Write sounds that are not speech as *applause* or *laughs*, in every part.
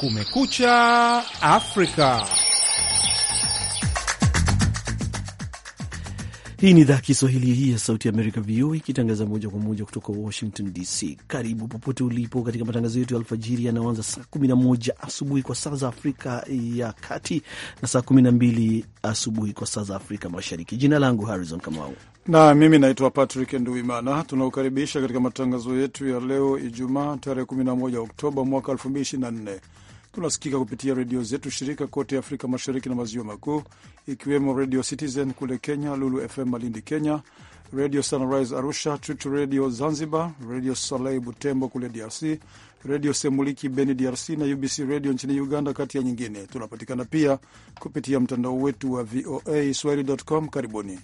Kumekucha Afrika. Hii ni idhaa Kiswahili Kiswahili ya Sauti ya Amerika, VOA, ikitangaza moja kwa moja kutoka Washington DC. Karibu popote ulipo katika matangazo yetu ya alfajiri yanayoanza saa 11 asubuhi kwa saa za Afrika ya Kati na saa 12 asubuhi kwa saa za Afrika Mashariki. Jina langu Harrison Kamau na mimi naitwa Patrick Nduimana. Tunaokaribisha katika matangazo yetu ya leo Ijumaa, tarehe 11 Oktoba mwaka 2024. Tunasikika kupitia redio zetu shirika kote Afrika Mashariki na Maziwa Makuu, ikiwemo Redio Citizen kule Kenya, Lulu FM Malindi Kenya, Redio Sunrise Arusha, Tutu radio Zanzibar, Redio Salei Butembo kule DRC, Redio Semuliki Beni DRC na UBC Redio nchini Uganda, kati ya nyingine. Tunapatikana pia kupitia mtandao wetu wa VOA swahili.com. Karibuni.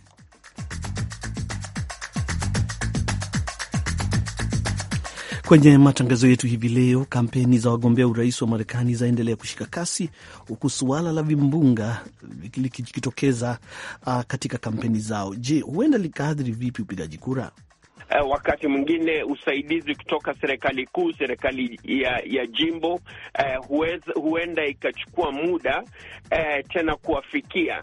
Kwenye matangazo yetu hivi leo, kampeni za wagombea urais wa Marekani zaendelea kushika kasi huku suala la vimbunga likijitokeza uh, katika kampeni zao. Je, huenda likaathiri vipi upigaji kura? Uh, wakati mwingine usaidizi kutoka serikali kuu, serikali ya ya jimbo uh, huwez, huenda ikachukua muda uh, tena kuwafikia.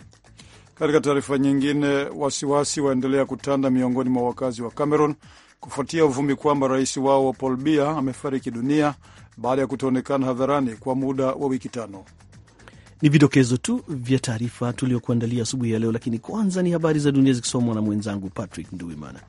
Katika taarifa nyingine, wasiwasi waendelea kutanda miongoni mwa wakazi wa Cameroon kufuatia uvumi kwamba rais wao Paul bia amefariki dunia baada ya kutoonekana hadharani kwa muda wa wiki tano. Ni vidokezo tu vya taarifa tuliyokuandalia asubuhi ya leo, lakini kwanza ni habari za dunia zikisomwa na mwenzangu Patrick Nduwimana.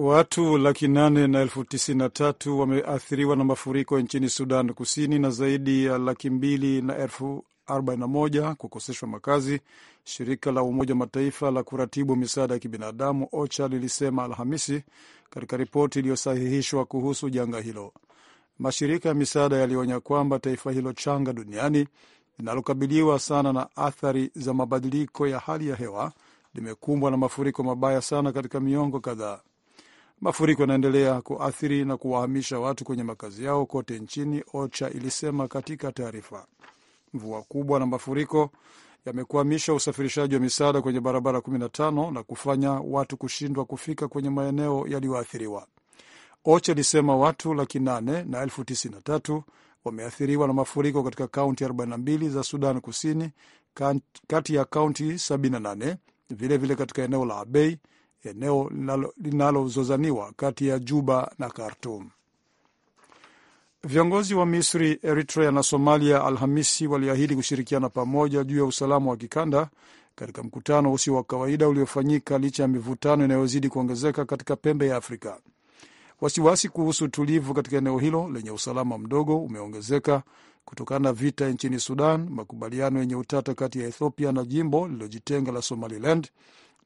Watu laki nane na elfu tisini na tatu wameathiriwa na mafuriko nchini Sudan Kusini na zaidi ya laki mbili na elfu moja kukoseshwa makazi. Shirika la Umoja wa Mataifa la kuratibu misaada ya kibinadamu OCHA lilisema Alhamisi katika ripoti iliyosahihishwa kuhusu janga hilo. Mashirika ya misaada yalionya kwamba taifa hilo changa duniani linalokabiliwa sana na athari za mabadiliko ya hali ya hewa limekumbwa na mafuriko mabaya sana katika miongo kadhaa. Mafuriko yanaendelea kuathiri na kuwahamisha watu kwenye makazi yao kote nchini, OCHA ilisema katika taarifa. Mvua kubwa na mafuriko yamekwamisha usafirishaji wa misaada kwenye barabara 15 na kufanya watu kushindwa kufika kwenye maeneo yaliyoathiriwa. OCHA ilisema watu laki 8 na elfu wameathiriwa na mafuriko katika kaunti 42 za Sudan Kusini, kati ya kaunti 78, vilevile katika eneo la Abei eneo linalozozaniwa kati ya Juba na Khartum. Viongozi wa Misri, Eritrea na Somalia Alhamisi waliahidi kushirikiana pamoja juu ya usalama wa kikanda katika mkutano usio wa kawaida uliofanyika licha ya mivutano inayozidi kuongezeka katika pembe ya Afrika. Wasiwasi kuhusu utulivu katika eneo hilo lenye usalama mdogo umeongezeka kutokana na vita nchini Sudan, makubaliano yenye utata kati ya Ethiopia na jimbo lililojitenga la Somaliland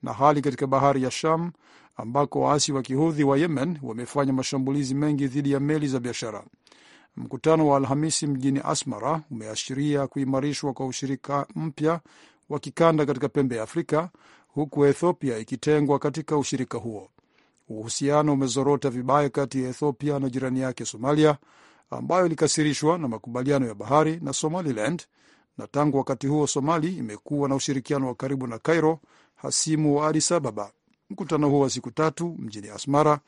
na hali katika bahari ya Sham ambako waasi wa kihudhi wa Yemen wamefanya mashambulizi mengi dhidi ya meli za biashara. Mkutano wa Alhamisi mjini Asmara umeashiria kuimarishwa kwa ushirika mpya wa kikanda katika pembe ya Afrika, huku Ethiopia ikitengwa katika ushirika huo. Uhusiano umezorota vibaya kati ya Ethiopia na jirani yake Somalia, ambayo ilikasirishwa na makubaliano ya bahari na Somaliland na tangu wakati huo Somali imekuwa na ushirikiano wa karibu na Cairo, hasimu wa Adis Ababa. Mkutano huo wa siku tatu mjini Asmara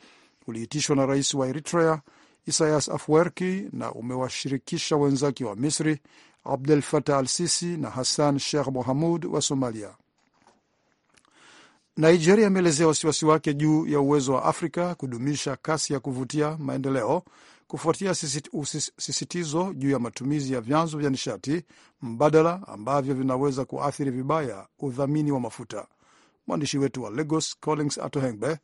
uliitishwa na rais wa Eritrea Isayas Afwerki na umewashirikisha wenzake wa Misri Abdel fatah al Sisi na Hassan Sheikh Mohamud wa Somalia. Nigeria imeelezea wasiwasi wake juu ya uwezo wa Afrika kudumisha kasi ya kuvutia maendeleo kufuatia sisitizo juu ya matumizi ya vyanzo vya nishati mbadala ambavyo vinaweza kuathiri vibaya udhamini wa mafuta. Mwandishi wetu wa Lagos Collins Atohengbe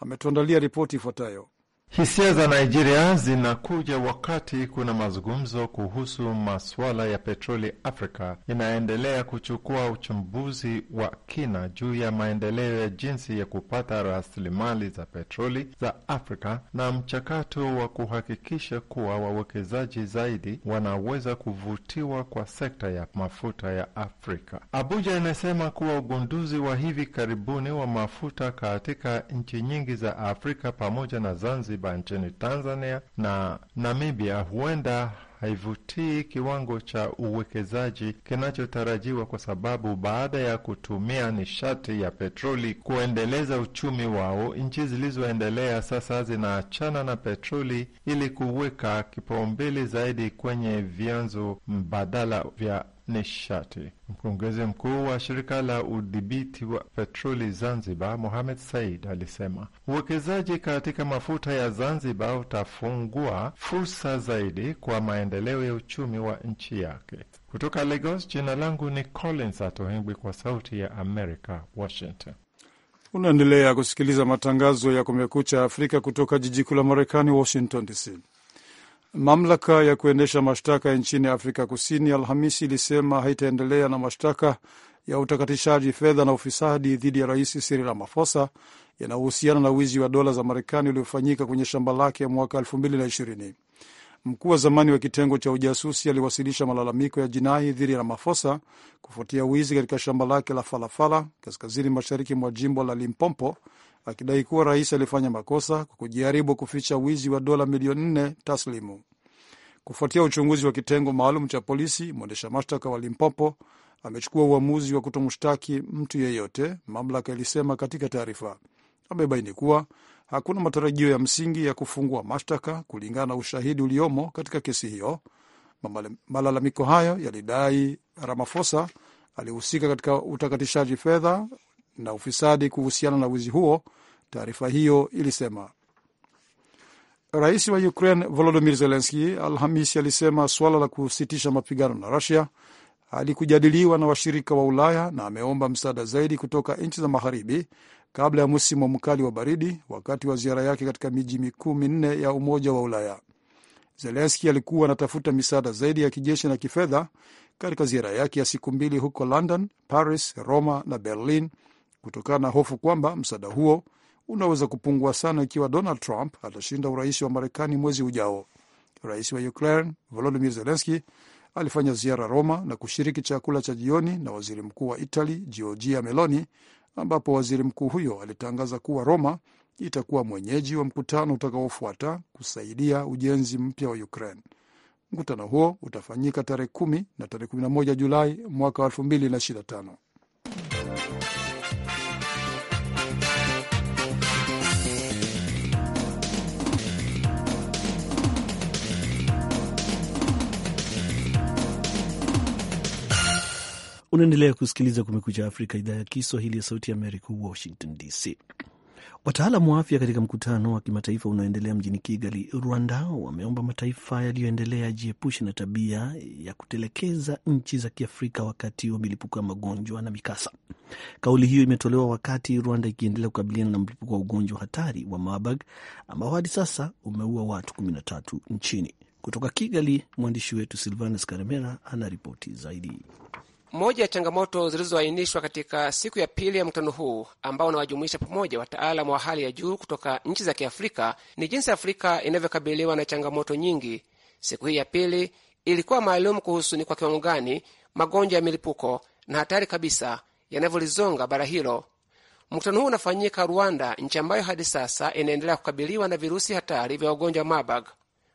ametuandalia ripoti ifuatayo. Hisia za Nigeria zinakuja wakati kuna mazungumzo kuhusu masuala ya petroli Afrika inaendelea kuchukua uchambuzi wa kina juu ya maendeleo ya jinsi ya kupata rasilimali za petroli za Afrika na mchakato wa kuhakikisha kuwa wawekezaji zaidi wanaweza kuvutiwa kwa sekta ya mafuta ya Afrika. Abuja inasema kuwa ugunduzi wa hivi karibuni wa mafuta katika nchi nyingi za Afrika pamoja na Zanzibar katiba nchini Tanzania na Namibia huenda haivutii kiwango cha uwekezaji kinachotarajiwa kwa sababu baada ya kutumia nishati ya petroli kuendeleza uchumi wao, nchi zilizoendelea sasa zinaachana na petroli ili kuweka kipaumbele zaidi kwenye vyanzo mbadala vya nishati. Mkurugenzi mkuu wa shirika la udhibiti wa petroli Zanzibar, Mohamed Said, alisema uwekezaji katika mafuta ya Zanzibar utafungua fursa zaidi kwa maendeleo ya uchumi wa nchi yake. Kutoka Lagos, jina langu ni Collins Atohengwi, kwa Sauti ya Amerika, Washington. Unaendelea kusikiliza matangazo ya Kumekucha Afrika kutoka jiji kuu la Marekani, Washington DC. Mamlaka ya kuendesha mashtaka nchini Afrika Kusini Alhamisi ilisema haitaendelea na mashtaka ya utakatishaji fedha na ufisadi dhidi ya Rais Cyril Ramaphosa yanayohusiana na wizi wa dola za Marekani uliofanyika kwenye shamba lake mwaka 2020. Mkuu wa zamani wa kitengo cha ujasusi aliwasilisha malalamiko ya jinai dhidi ya Ramaphosa kufuatia wizi katika shamba lake la falafala kaskazini mashariki mwa jimbo la Limpopo akidai kuwa rais alifanya makosa kwa kujaribu kuficha wizi wa dola milioni nne taslimu. Kufuatia uchunguzi wa kitengo maalum cha polisi, mwendesha mashtaka wa Limpopo amechukua uamuzi wa kutomshtaki mtu yeyote, mamlaka ilisema katika taarifa. Amebaini kuwa hakuna matarajio ya msingi ya kufungua mashtaka kulingana na ushahidi uliomo katika kesi hiyo. Malalamiko hayo yalidai ramafosa alihusika katika utakatishaji fedha na ufisadi kuhusiana na wizi huo, taarifa hiyo ilisema. Rais wa Ukraine Volodimir Zelenski Alhamisi alisema suala la kusitisha mapigano na Rusia alikujadiliwa na washirika wa Ulaya na ameomba msaada zaidi kutoka nchi za magharibi kabla ya msimu mkali wa baridi, wakati wa ziara yake katika miji mikuu minne ya Umoja wa Ulaya. Zelenski alikuwa anatafuta misaada zaidi ya kijeshi na kifedha katika ziara yake ya siku mbili huko London, Paris, Roma na Berlin, kutokana na hofu kwamba msaada huo unaweza kupungua sana ikiwa Donald Trump atashinda urais wa Marekani mwezi ujao. Rais wa Ukraine volodimir zelenski alifanya ziara Roma na kushiriki chakula cha jioni na waziri mkuu wa Italy Giorgia Meloni, ambapo waziri mkuu huyo alitangaza kuwa Roma itakuwa mwenyeji wa mkutano utakaofuata kusaidia ujenzi mpya wa Ukraine. Mkutano huo utafanyika tarehe kumi na tarehe 11 Julai mwaka tano. Unaendelea kusikiliza Kumekucha Afrika, idhaa ya Kiswahili ya Sauti ya Amerika, Washington DC. Wataalamu wa afya katika mkutano wa kimataifa unaoendelea mjini Kigali, Rwanda, wameomba mataifa yaliyoendelea yajiepushe na tabia ya kutelekeza nchi za Kiafrika wakati wa milipuko ya magonjwa na mikasa. Kauli hiyo imetolewa wakati Rwanda ikiendelea kukabiliana na mlipuko wa ugonjwa hatari wa Marburg ambao hadi sasa umeua watu kumi na tatu nchini. Kutoka Kigali, mwandishi wetu Silvanus Karemera ana ripoti zaidi. Moja ya changamoto zilizoainishwa katika siku ya pili ya mkutano huu ambao unawajumuisha pamoja wataalamu wa hali ya juu kutoka nchi za Kiafrika ni jinsi Afrika inavyokabiliwa na changamoto nyingi. Siku hii ya pili ilikuwa maalum kuhusu ni kwa kiwango gani magonjwa ya milipuko na hatari kabisa yanavyolizonga bara hilo. Mkutano huu unafanyika Rwanda, nchi ambayo hadi sasa inaendelea kukabiliwa na virusi hatari vya ugonjwa wa Marburg.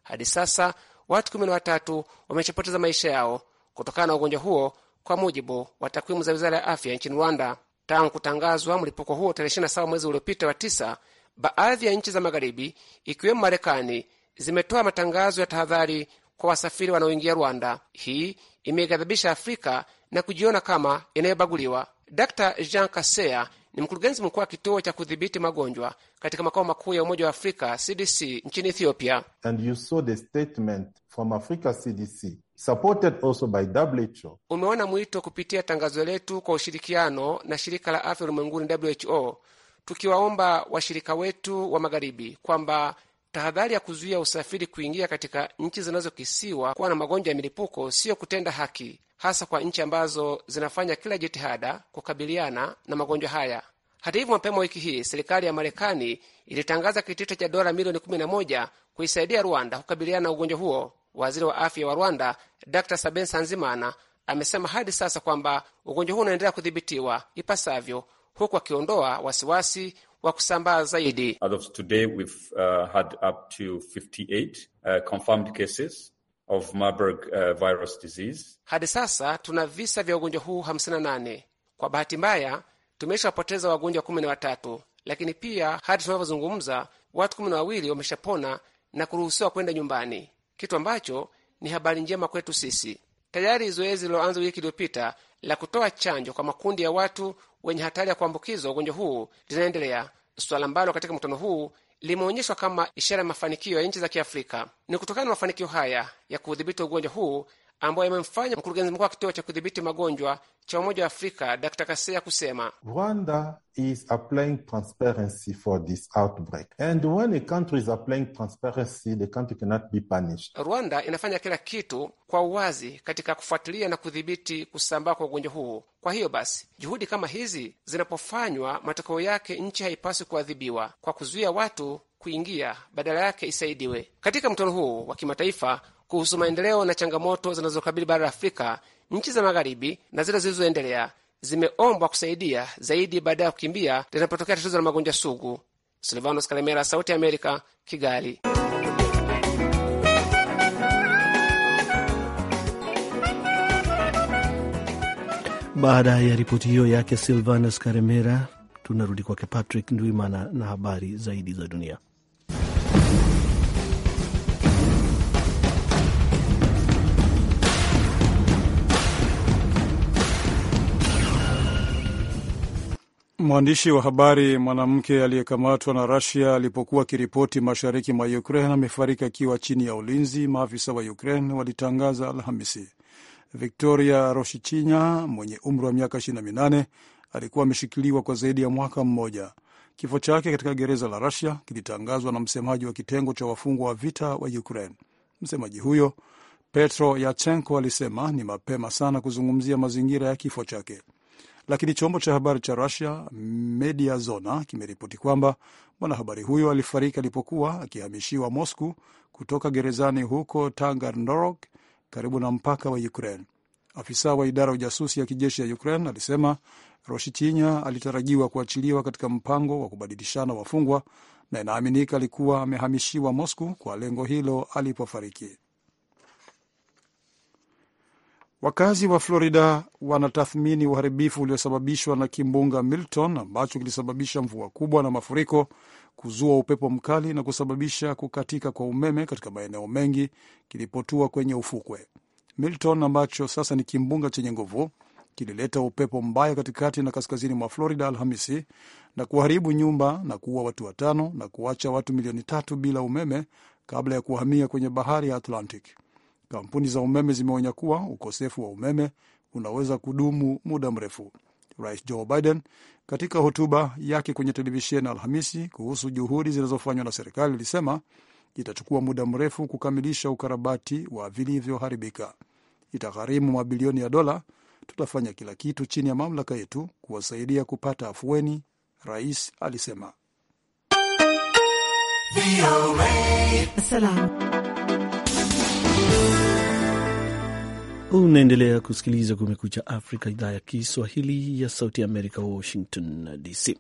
Hadi sasa watu kumi na watatu wameshapoteza maisha yao kutokana na ugonjwa huo kwa mujibu wa takwimu za wizara ya afya nchini Rwanda. Tangu kutangazwa mlipuko huo tarehe 27 mwezi uliopita wa tisa, baadhi ya nchi za magharibi ikiwemo Marekani zimetoa matangazo ya tahadhari kwa wasafiri wanaoingia Rwanda. Hii imeghadhabisha Afrika na kujiona kama inayobaguliwa. Dr Jean Kaseya ni mkurugenzi mkuu wa kituo cha kudhibiti magonjwa katika makao makuu ya Umoja wa Afrika CDC nchini Ethiopia. And you saw the statement from Africa CDC supported also by WHO. Umeona mwito kupitia tangazo letu kwa ushirikiano na shirika la afya ulimwenguni WHO, tukiwaomba washirika wetu wa magharibi kwamba tahadhari ya kuzuia usafiri kuingia katika nchi zinazokisiwa kuwa na magonjwa ya milipuko siyo kutenda haki, hasa kwa nchi ambazo zinafanya kila jitihada kukabiliana na magonjwa haya. Hata hivyo, mapema wiki hii serikali ya Marekani ilitangaza kitita cha dola milioni 11 kuisaidia Rwanda kukabiliana na ugonjwa huo. Waziri wa afya wa Rwanda Dr Saben Sanzimana amesema hadi sasa kwamba ugonjwa huu unaendelea kudhibitiwa ipasavyo, huku akiondoa wasiwasi wa kusambaa zaidi. As of today we've, uh, had up to 58, uh, confirmed cases of Marburg, uh, virus disease. Hadi sasa tuna visa vya ugonjwa huu 58. Kwa bahati mbaya tumeshawapoteza wagonjwa kumi na watatu, lakini pia hadi tunavyozungumza watu kumi na wawili wameshapona na kuruhusiwa kwenda nyumbani kitu ambacho ni habari njema kwetu sisi. Tayari zoezi liloanza wiki iliyopita la kutoa chanjo kwa makundi ya watu wenye hatari ya kuambukizwa ugonjwa huu linaendelea, suala ambalo katika mkutano huu limeonyeshwa kama ishara ya mafanikio ya nchi za Kiafrika. Ni kutokana na mafanikio haya ya kuudhibiti ugonjwa huu ambayo yamemfanya mkurugenzi mkuu wa kituo cha kudhibiti magonjwa cha Umoja wa Afrika Dr Kaseya kusema Rwanda is applying transparency for this outbreak and when a country is applying transparency the country cannot be punished. Rwanda inafanya kila kitu kwa uwazi katika kufuatilia na kudhibiti kusambaa kwa ugonjwa huu. Kwa hiyo basi, juhudi kama hizi zinapofanywa, matokeo yake nchi haipaswi kuadhibiwa kwa kuzuia watu kuingia, badala yake isaidiwe. Katika mtono huu wa kimataifa kuhusu maendeleo na changamoto zinazokabili bara la Afrika, nchi za magharibi na zile zilizoendelea zimeombwa kusaidia zaidi baada ya kukimbia linapotokea tatizo la magonjwa sugu. Silvanos Kalemera, Sauti ya Amerika, Kigali. Baada ya ripoti hiyo yake Silvanus Karemera, tunarudi kwake Patrick Ndwimana na habari zaidi za dunia. Mwandishi wa habari mwanamke aliyekamatwa na Rusia alipokuwa akiripoti mashariki mwa Ukraine amefariki akiwa chini ya ulinzi, maafisa wa Ukraine walitangaza Alhamisi. Victoria Roshichinya mwenye umri wa miaka 28 alikuwa ameshikiliwa kwa zaidi ya mwaka mmoja. Kifo chake katika gereza la Rusia kilitangazwa na msemaji wa kitengo cha wafungwa wa vita wa Ukraine. Msemaji huyo Petro Yachenko alisema ni mapema sana kuzungumzia mazingira ya kifo chake lakini chombo cha habari cha Russia Media Zona kimeripoti kwamba mwanahabari huyo alifariki alipokuwa akihamishiwa Moscow kutoka gerezani huko tangarnorok karibu na mpaka wa Ukraine. Afisa wa idara ya ujasusi ya kijeshi ya Ukraine alisema Roshichinya alitarajiwa kuachiliwa katika mpango wa kubadilishana wafungwa na inaaminika alikuwa amehamishiwa Moscow kwa lengo hilo alipofariki. Wakazi wa Florida wanatathmini uharibifu uliosababishwa na kimbunga Milton ambacho kilisababisha mvua kubwa na mafuriko, kuzua upepo mkali na kusababisha kukatika kwa umeme katika maeneo mengi kilipotua kwenye ufukwe. Milton ambacho sasa ni kimbunga chenye nguvu kilileta upepo mbaya katikati na kaskazini mwa Florida Alhamisi na kuharibu nyumba na kuua watu watano na kuacha watu milioni tatu bila umeme kabla ya kuhamia kwenye bahari ya Atlantic. Kampuni za umeme zimeonya kuwa ukosefu wa umeme unaweza kudumu muda mrefu. Rais Joe Biden katika hotuba yake kwenye televisheni Alhamisi kuhusu juhudi zinazofanywa na serikali ilisema itachukua muda mrefu kukamilisha ukarabati wa vilivyoharibika. Itagharimu mabilioni ya dola. Tutafanya kila kitu chini ya mamlaka yetu kuwasaidia kupata afueni, rais alisema. Salam. Unaendelea kusikiliza Kumekucha Afrika, idhaa ya Kiswahili ya Sauti ya Amerika, Washington DC.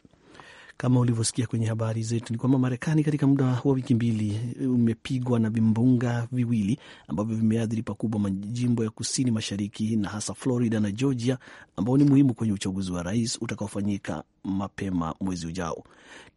Kama ulivyosikia kwenye habari zetu, ni kwamba Marekani katika muda wa wiki mbili e, umepigwa na vimbunga viwili ambavyo vimeathiri pakubwa majimbo ya kusini mashariki na hasa Florida na Georgia, ambao ni muhimu kwenye uchaguzi wa rais utakaofanyika mapema mwezi ujao.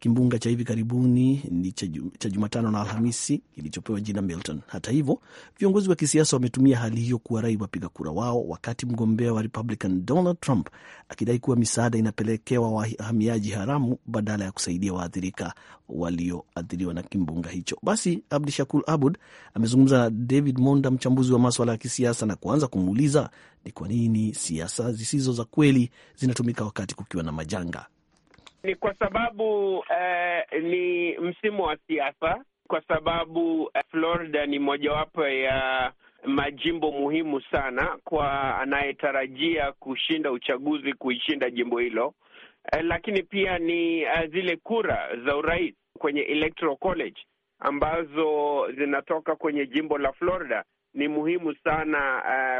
Kimbunga cha hivi karibuni ni cha Jumatano na Alhamisi kilichopewa jina Milton. Hata hivyo, viongozi wa kisiasa wametumia hali hiyo kuwarai wapiga kura wao, wakati mgombea wa Republican Donald Trump akidai kuwa misaada inapelekewa wahamiaji haramu baada badala ya kusaidia waathirika walioathiriwa na kimbunga hicho. Basi Abdi Shakur Abud amezungumza na David Monda, mchambuzi wa maswala ya kisiasa, na kuanza kumuuliza ni kwa nini siasa zisizo za kweli zinatumika wakati kukiwa na majanga. Ni kwa sababu eh, ni msimu wa siasa, kwa sababu eh, Florida ni mojawapo ya majimbo muhimu sana kwa anayetarajia kushinda uchaguzi kuishinda jimbo hilo. Eh, lakini pia ni eh, zile kura za urais kwenye electoral college ambazo zinatoka kwenye jimbo la Florida ni muhimu sana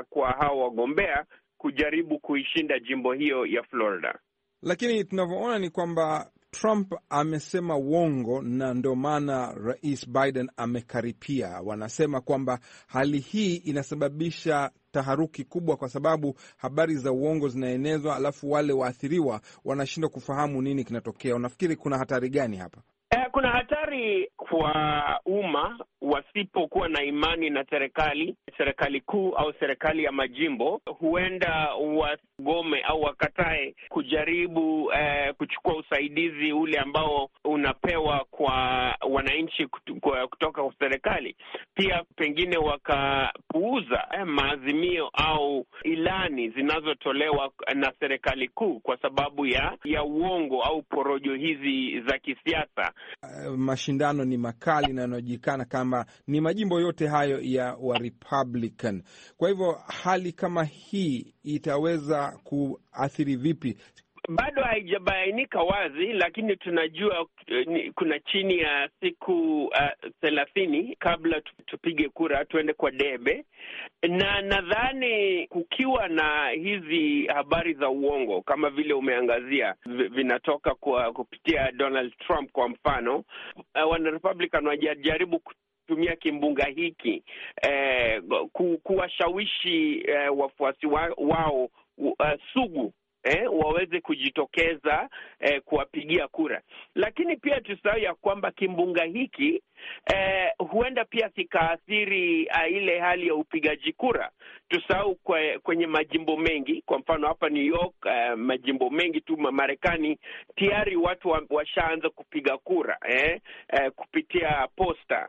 uh, kwa hao wagombea kujaribu kuishinda jimbo hiyo ya Florida lakini tunavyoona ni kwamba Trump amesema uongo na ndio maana rais Biden amekaripia. Wanasema kwamba hali hii inasababisha taharuki kubwa, kwa sababu habari za uongo zinaenezwa, alafu wale waathiriwa wanashindwa kufahamu nini kinatokea. Unafikiri kuna hatari gani hapa? Eh, kuna hatari kwa umma wasipokuwa na imani na serikali, serikali kuu au serikali ya majimbo, huenda wagome au wakatae kujaribu eh, kuchukua usaidizi ule ambao unapewa kwa wananchi kutoka kwa serikali. Pia pengine wakapuuza eh, maazimio au ilani zinazotolewa na serikali kuu kwa sababu ya ya uongo au porojo hizi za kisiasa. Uh, mashindano ni makali na yanayojulikana kama ni majimbo yote hayo ya wa Republican. Kwa hivyo hali kama hii itaweza kuathiri vipi bado haijabainika wazi, lakini tunajua eh, kuna chini ya siku eh, thelathini uh, kabla tupige kura tuende kwa debe, na nadhani kukiwa na hizi habari za uongo kama vile umeangazia vinatoka kwa kupitia Donald Trump kwa mfano, uh, eh, wanarepublican wajajaribu tumia kimbunga hiki eh, ku, kuwashawishi eh, wafuasi wa, wao uh, sugu eh, waweze kujitokeza eh, kuwapigia kura. Lakini pia tusahau ya kwamba kimbunga hiki eh, huenda pia kikaathiri uh, ile hali ya upigaji kura. Tusahau kwenye majimbo mengi, kwa mfano hapa New York, eh, majimbo mengi tu Marekani tayari watu washaanza kupiga kura eh, eh, kupitia posta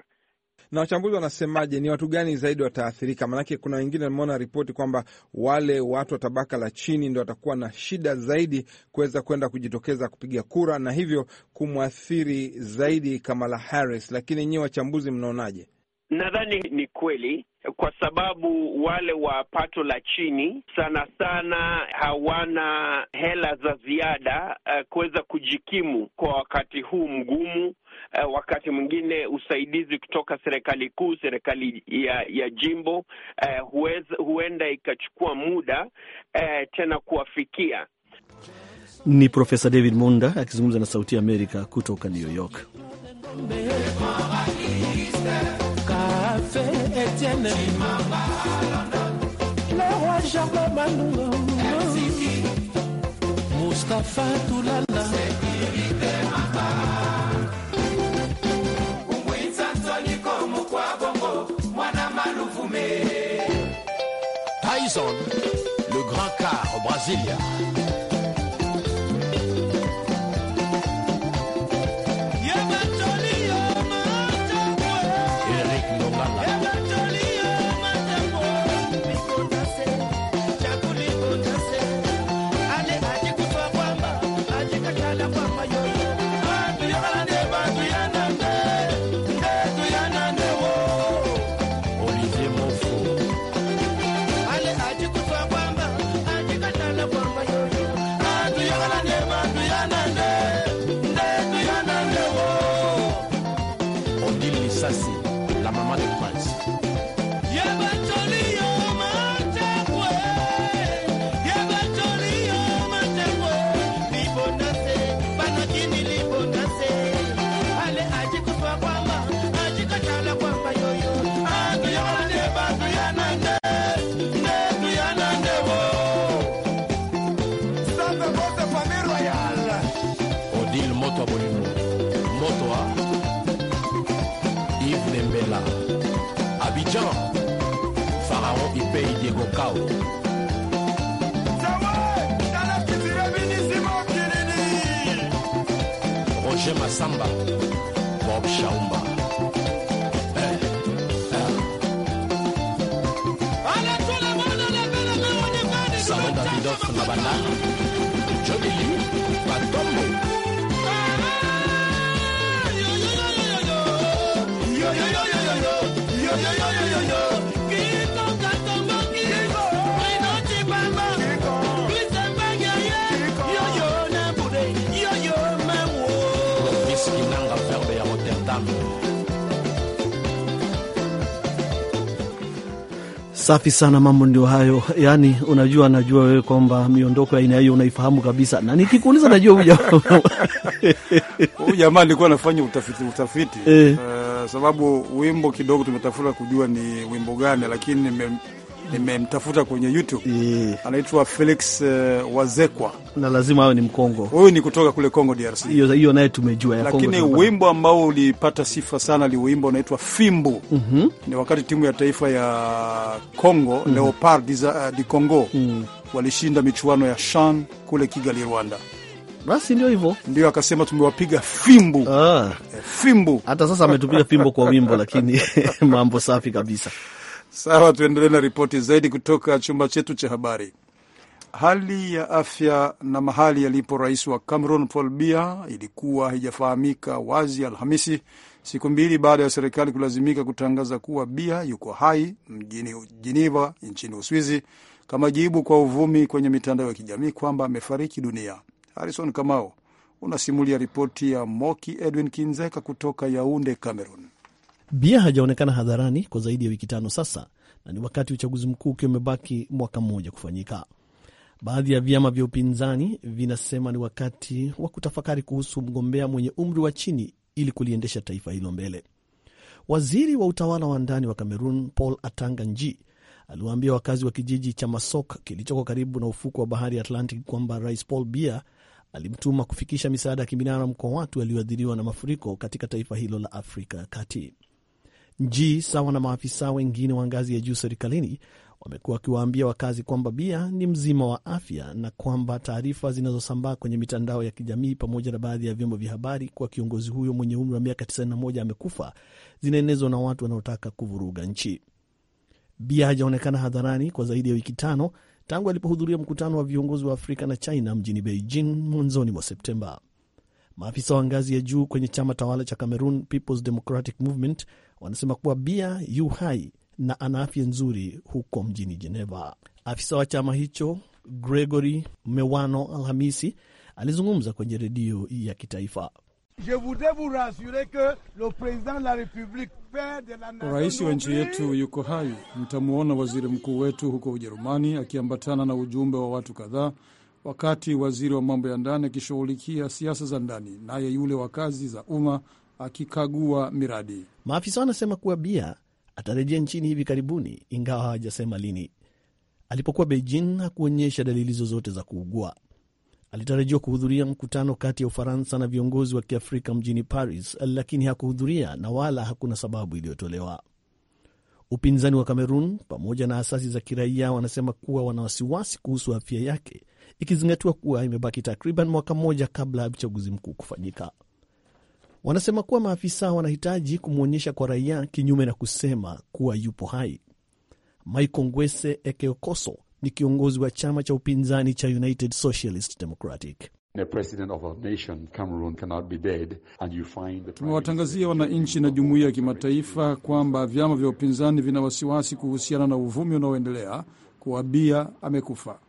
na wachambuzi wanasemaje, ni watu gani zaidi wataathirika? Maanake kuna wengine nimeona ripoti kwamba wale watu wa tabaka la chini ndo watakuwa na shida zaidi kuweza kwenda kujitokeza kupiga kura, na hivyo kumwathiri zaidi Kamala Harris. Lakini nyiwe wachambuzi mnaonaje? Nadhani ni kweli kwa sababu wale wa pato la chini sana sana hawana hela za ziada uh, kuweza kujikimu kwa wakati huu mgumu uh, wakati mwingine usaidizi kutoka serikali kuu, serikali ya, ya jimbo uh, eh, huwez, huenda ikachukua muda uh, tena kuwafikia. Ni Profesa David munda akizungumza na Sauti ya Amerika kutoka New York. le grand car au Brasilia. Mbappé Diego Roger Massamba, Bob Shaumba. Salon Nabana, Lee, Patombo. Safi sana, mambo ndio hayo. Yani unajua, najua wewe kwamba miondoko ya aina hiyo unaifahamu kabisa, na nikikuuliza najua huyu jamaa alikuwa anafanya utafiti utafiti eh. Uh, sababu wimbo kidogo tumetafuta kujua ni wimbo gani, lakini nimemtafuta kwenye YouTube yeah. Ee. Anaitwa Felix uh, Wazekwa na lazima awe ni Mkongo. Huyu ni kutoka kule Kongo DRC, hiyo naye tumejua ya lakini Wimbo ambao ulipata sifa sana wimbo unaitwa Fimbu mm -hmm. Ni wakati timu ya taifa ya Kongo mm -hmm. Leopard di eh, Congo mm -hmm. walishinda michuano ya shan kule Kigali, Rwanda. Basi ndio hivyo, ndio akasema tumewapiga fimbu. Ah, eh, fimbu. Hata sasa ametupiga fimbo kwa wimbo, lakini *laughs* mambo safi kabisa. Sawa, tuendelee na ripoti zaidi kutoka chumba chetu cha habari. Hali ya afya na mahali yalipo rais wa Cameroon Paul Biya ilikuwa haijafahamika wazi Alhamisi, siku mbili baada ya serikali kulazimika kutangaza kuwa Biya yuko hai mjini jiniva nchini Uswizi, kama jibu kwa uvumi kwenye mitandao ya kijamii kwamba amefariki dunia. Harrison Kamau unasimulia ripoti ya Moki Edwin Kinzeka kutoka Yaunde, Cameroon. Bia hajaonekana hadharani kwa zaidi ya wiki tano sasa, na ni wakati uchaguzi mkuu ukiwa umebaki mwaka mmoja kufanyika. Baadhi ya vyama vya upinzani vinasema ni wakati wa kutafakari kuhusu mgombea mwenye umri wa chini ili kuliendesha taifa hilo mbele. Waziri wa utawala wa ndani wa Kamerun Paul Atanga Nji aliwaambia wakazi wa kijiji cha Masok kilichoko karibu na ufuko wa bahari Atlantic kwamba Rais Paul Bia alimtuma kufikisha misaada ya kibinadamu kwa watu walioathiriwa na mafuriko katika taifa hilo la Afrika ya Kati. G sawa na maafisa wengine wa ngazi ya juu serikalini wamekuwa wakiwaambia wakazi kwamba bia ni mzima wa afya na kwamba taarifa zinazosambaa kwenye mitandao ya kijamii pamoja na baadhi ya vyombo vya habari kwa kiongozi huyo mwenye umri wa miaka 91 amekufa zinaenezwa na watu wanaotaka kuvuruga nchi. Bia hajaonekana hadharani kwa zaidi ya wiki tano tangu alipohudhuria mkutano wa viongozi wa Afrika na China mjini Beijing mwanzoni mwa Septemba. Maafisa wa ngazi ya juu kwenye chama tawala cha Cameroon People's Democratic Movement wanasema kuwa Bia yu hai na ana afya nzuri huko mjini Geneva. Afisa wa chama hicho Gregory Mewano Alhamisi alizungumza kwenye redio ya kitaifa. Rais wa nchi yetu yuko hai. Mtamwona waziri mkuu wetu huko Ujerumani akiambatana na ujumbe wa watu kadhaa wakati waziri wa mambo ya ndani akishughulikia siasa za ndani, naye yule wa kazi za umma akikagua miradi. Maafisa wanasema kuwa Bia atarejea nchini hivi karibuni, ingawa hawajasema lini. Alipokuwa Beijing hakuonyesha dalili zozote za kuugua. Alitarajiwa kuhudhuria mkutano kati ya Ufaransa na viongozi wa kiafrika mjini Paris, lakini hakuhudhuria na wala hakuna sababu iliyotolewa. Upinzani wa Kamerun pamoja na asasi za kiraia wanasema kuwa wana wasiwasi kuhusu afya yake ikizingatiwa kuwa imebaki takriban mwaka mmoja kabla ya uchaguzi mkuu kufanyika. Wanasema kuwa maafisa wanahitaji kumwonyesha kwa raia, kinyume na kusema kuwa yupo hai. Michael Ngwese Ekeokoso ni kiongozi wa chama cha upinzani cha United Socialist Democratic. Tumewatangazia wananchi na jumuiya ya kimataifa kwamba vyama vya upinzani vina wasiwasi kuhusiana na uvumi unaoendelea kuwa amekufa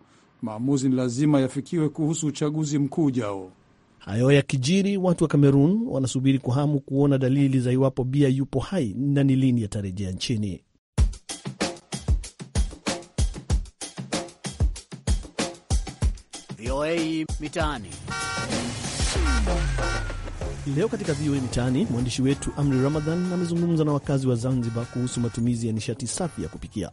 maamuzi ni lazima yafikiwe kuhusu uchaguzi mkuu ujao. Hayo yakijiri, watu wa Kamerun wanasubiri kwa hamu kuona dalili za iwapo Bia yupo hai na ni lini yatarejea nchini. VOA Mitaani. Leo katika VOA Mitaani, mwandishi wetu Amri Ramadhan amezungumza na wakazi wa Zanzibar kuhusu matumizi ya nishati safi ya kupikia.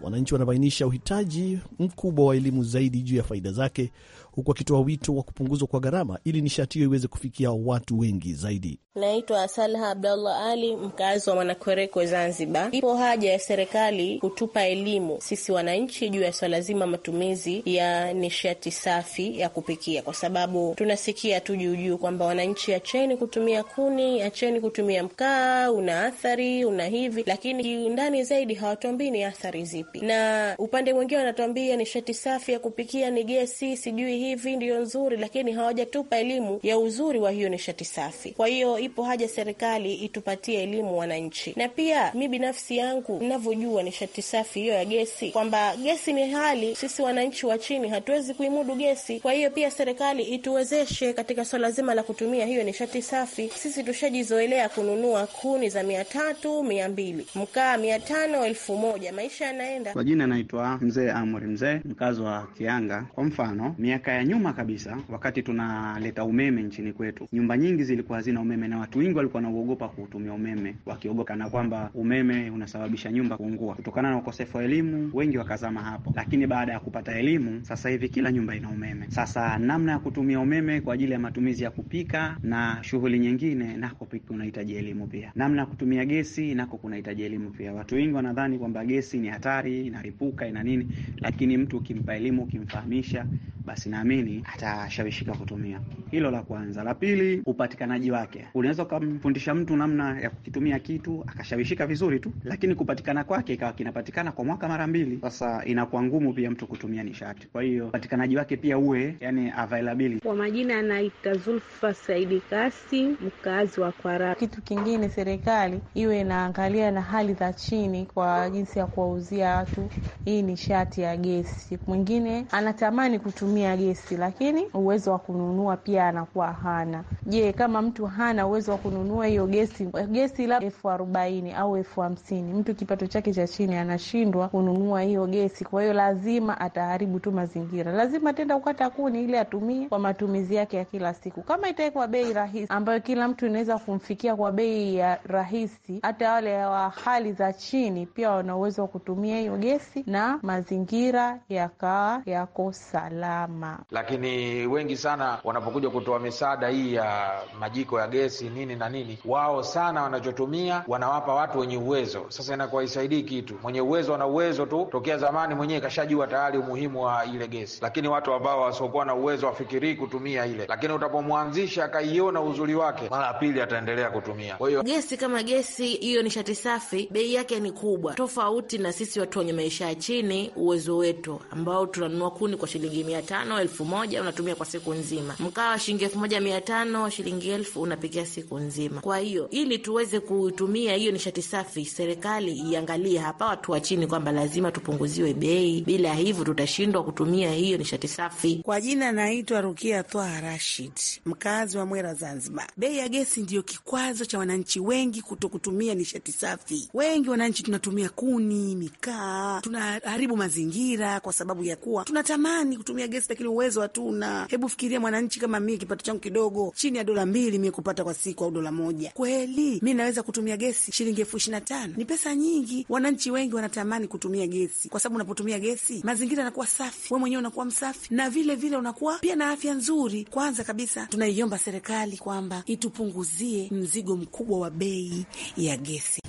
Wananchi wanabainisha uhitaji mkubwa wa elimu zaidi juu ya faida zake, huku akitoa wito wa kupunguzwa kwa gharama ili nishati hiyo iweze kufikia watu wengi zaidi. Naitwa Salha Abdallah Ali, mkazi wa Mwanakwerekwe, Zanzibar. Ipo haja ya serikali kutupa elimu sisi wananchi juu ya swala zima matumizi ya nishati safi ya kupikia, kwa sababu tunasikia tu juujuu kwamba wananchi, acheni kutumia kuni, acheni kutumia mkaa, una athari, una hivi, lakini kiundani zaidi hawatuambii ni athari zipi, na upande mwingine wanatuambia nishati safi ya kupikia ni gesi, sijui hivi ndio nzuri, lakini hawajatupa elimu ya uzuri wa hiyo nishati safi. Kwa hiyo ipo haja serikali itupatie elimu wananchi, na pia mi binafsi yangu ninavyojua nishati safi hiyo ya gesi, kwamba gesi ni hali, sisi wananchi wa chini hatuwezi kuimudu gesi. Kwa hiyo pia serikali ituwezeshe katika swala zima la kutumia hiyo nishati safi. Sisi tushajizoelea kununua kuni za mia tatu mia mbili mkaa mia tano elfu moja maisha yanaenda. Kwa jina naitwa Mzee Amri Mzee, mkazi wa Kianga. Kwa mfano miaka ya nyuma kabisa, wakati tunaleta umeme nchini kwetu, nyumba nyingi zilikuwa hazina umeme na watu wengi walikuwa wanaogopa kuutumia umeme, wakiogopa na kwamba umeme unasababisha nyumba kuungua. Kutokana na ukosefu wa elimu, wengi wakazama hapo, lakini baada ya kupata elimu, sasa hivi kila nyumba ina umeme. Sasa namna ya kutumia umeme kwa ajili ya matumizi ya kupika na shughuli nyingine, nako kunahitaji elimu pia. Namna ya kutumia gesi nako kunahitaji elimu pia. Watu wengi wanadhani kwamba gesi ni hatari, inaripuka, ina nini, lakini mtu ukimpa elimu, ukimfahamisha, basi na naamini atashawishika kutumia. Hilo la kwanza. La pili, upatikanaji wake. Unaweza ukamfundisha mtu namna ya kukitumia kitu akashawishika vizuri tu, lakini kupatikana kwake ikawa kinapatikana kwa mwaka mara mbili, sasa inakuwa ngumu pia mtu kutumia nishati. Kwa hiyo upatikanaji wake pia uwe yani availability. Kwa majina anaita Zulfa Saidi Kasi, mkazi wa Kwara. Kitu kingine serikali iwe inaangalia na hali za chini kwa jinsi ya kuwauzia watu hii nishati ya gesi. Mwingine anatamani kutumia gesi, lakini uwezo wa kununua pia anakuwa hana. Je, kama mtu hana uwezo wa kununua hiyo gesi, gesi la elfu arobaini au elfu hamsini mtu kipato chake cha chini anashindwa kununua hiyo gesi, kwa hiyo lazima ataharibu tu mazingira, lazima ataenda kukata kuni ili atumie kwa matumizi yake ya kila siku. Kama itawekwa bei rahisi ambayo kila mtu inaweza kumfikia kwa bei ya rahisi, hata wale wa hali za chini pia wana uwezo wa kutumia hiyo gesi na mazingira yakawa yako salama. Lakini wengi sana wanapokuja kutoa misaada hii ya majiko ya gesi nini na nini, wao sana wanachotumia wanawapa watu wenye uwezo. Sasa inakuwa isaidii kitu, mwenye uwezo ana uwezo tu tokea zamani, mwenyewe kashajua tayari umuhimu wa ile gesi, lakini watu ambao wasiokuwa na uwezo wafikirii kutumia ile, lakini utapomwanzisha akaiona uzuri wake, mara ya pili ataendelea kutumia. Kwa hiyo gesi kama gesi hiyo nishati safi, bei yake ni kubwa, tofauti na sisi watu wenye maisha ya chini, uwezo wetu ambao tunanunua kuni kwa shilingi mia tano elfu moja unatumia kwa siku nzima mkaa shilingi elfu moja mia tano shilingi elfu unapigia siku nzima. Kwa hiyo ili tuweze kutumia hiyo nishati safi, serikali iangalie hapa watu wa chini kwamba lazima tupunguziwe bei, bila hivyo tutashindwa kutumia hiyo nishati safi. Kwa jina naitwa Rukia Twaha Rashid, mkazi wa Mwera, Zanzibar. Bei ya gesi ndiyo kikwazo cha wananchi wengi kuto kutumia nishati safi. Wengi wananchi tunatumia kuni, mikaa, tunaharibu mazingira kwa sababu ya kuwa tunatamani kutumia gesi, lakini uwezo hatuna. Hebu fikiria mwananchi kama mimi kipato changu kidogo, chini ya dola mbili mimi kupata kwa siku au dola moja, kweli mi naweza kutumia gesi shilingi elfu ishirini na tano ni pesa nyingi. Wananchi wengi wanatamani kutumia gesi, kwa sababu unapotumia gesi mazingira yanakuwa safi, we mwenyewe unakuwa msafi na vile vile unakuwa pia na afya nzuri. Kwanza kabisa tunaiomba serikali kwamba itupunguzie mzigo mkubwa wa bei ya gesi.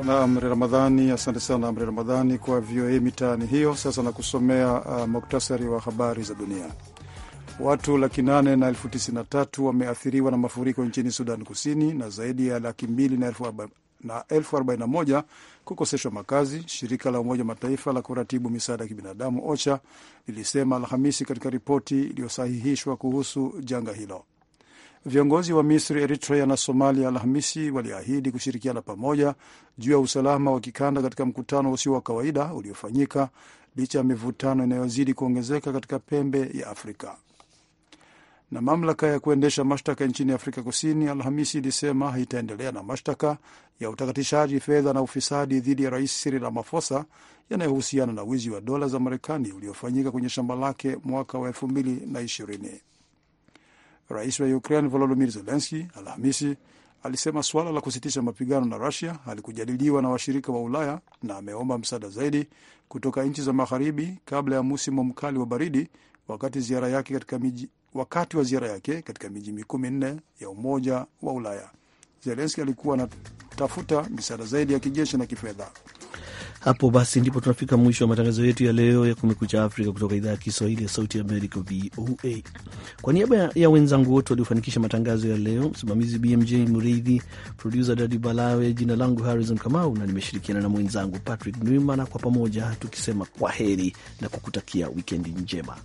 amri Ramadhani, asante sana Amri Ramadhani kwa VOA Mitaani hiyo. Sasa nakusomea uh, muktasari wa habari za dunia. Watu laki nane na elfu tisini na tatu wameathiriwa na mafuriko nchini Sudan Kusini na zaidi ya laki mbili na elfu na elfu arobaini na moja kukoseshwa makazi. Shirika la Umoja Mataifa la kuratibu misaada ya kibinadamu OCHA lilisema Alhamisi katika ripoti iliyosahihishwa kuhusu janga hilo. Viongozi wa Misri, Eritrea na Somalia Alhamisi waliahidi kushirikiana pamoja juu ya usalama wa kikanda katika mkutano usio wa kawaida uliofanyika licha ya mivutano inayozidi kuongezeka katika pembe ya Afrika. Na mamlaka ya kuendesha mashtaka nchini Afrika Kusini Alhamisi ilisema itaendelea na mashtaka ya utakatishaji fedha na ufisadi dhidi ya Rais Cyril Ramaphosa yanayohusiana na wizi wa dola za Marekani uliofanyika kwenye shamba lake mwaka wa 2020. Rais wa Ukraine Volodymyr Zelensky Alhamisi alisema suala la kusitisha mapigano na Rusia halikujadiliwa na washirika wa Ulaya na ameomba msaada zaidi kutoka nchi za magharibi kabla ya msimu mkali wa baridi, wakati ziara yake katika miji, wakati wa ziara yake katika miji mikuu minne ya Umoja wa Ulaya. Zelenski alikuwa anatafuta misaada zaidi ya kijeshi na kifedha. Hapo basi ndipo tunafika mwisho wa matangazo yetu ya leo ya Kumekucha Afrika kutoka idhaa ya Kiswahili ya Sauti Amerika, VOA. Kwa niaba ya wenzangu wote waliofanikisha matangazo ya leo, msimamizi BMJ Mridhi, produsa Dadi Balawe, jina langu Harrison Kamau na nimeshirikiana na mwenzangu Patrick Nwimana, kwa pamoja tukisema kwa heri na kukutakia wikendi njema.